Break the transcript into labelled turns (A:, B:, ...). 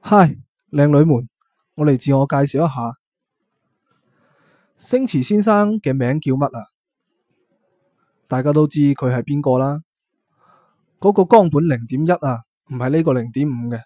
A: 嗨，靚女們，我嚟自我介紹一下。星馳先生嘅名叫乜啊？大家都知佢係邊個啦。嗰個岡本零點一啊，唔係呢個零點五
B: 嘅。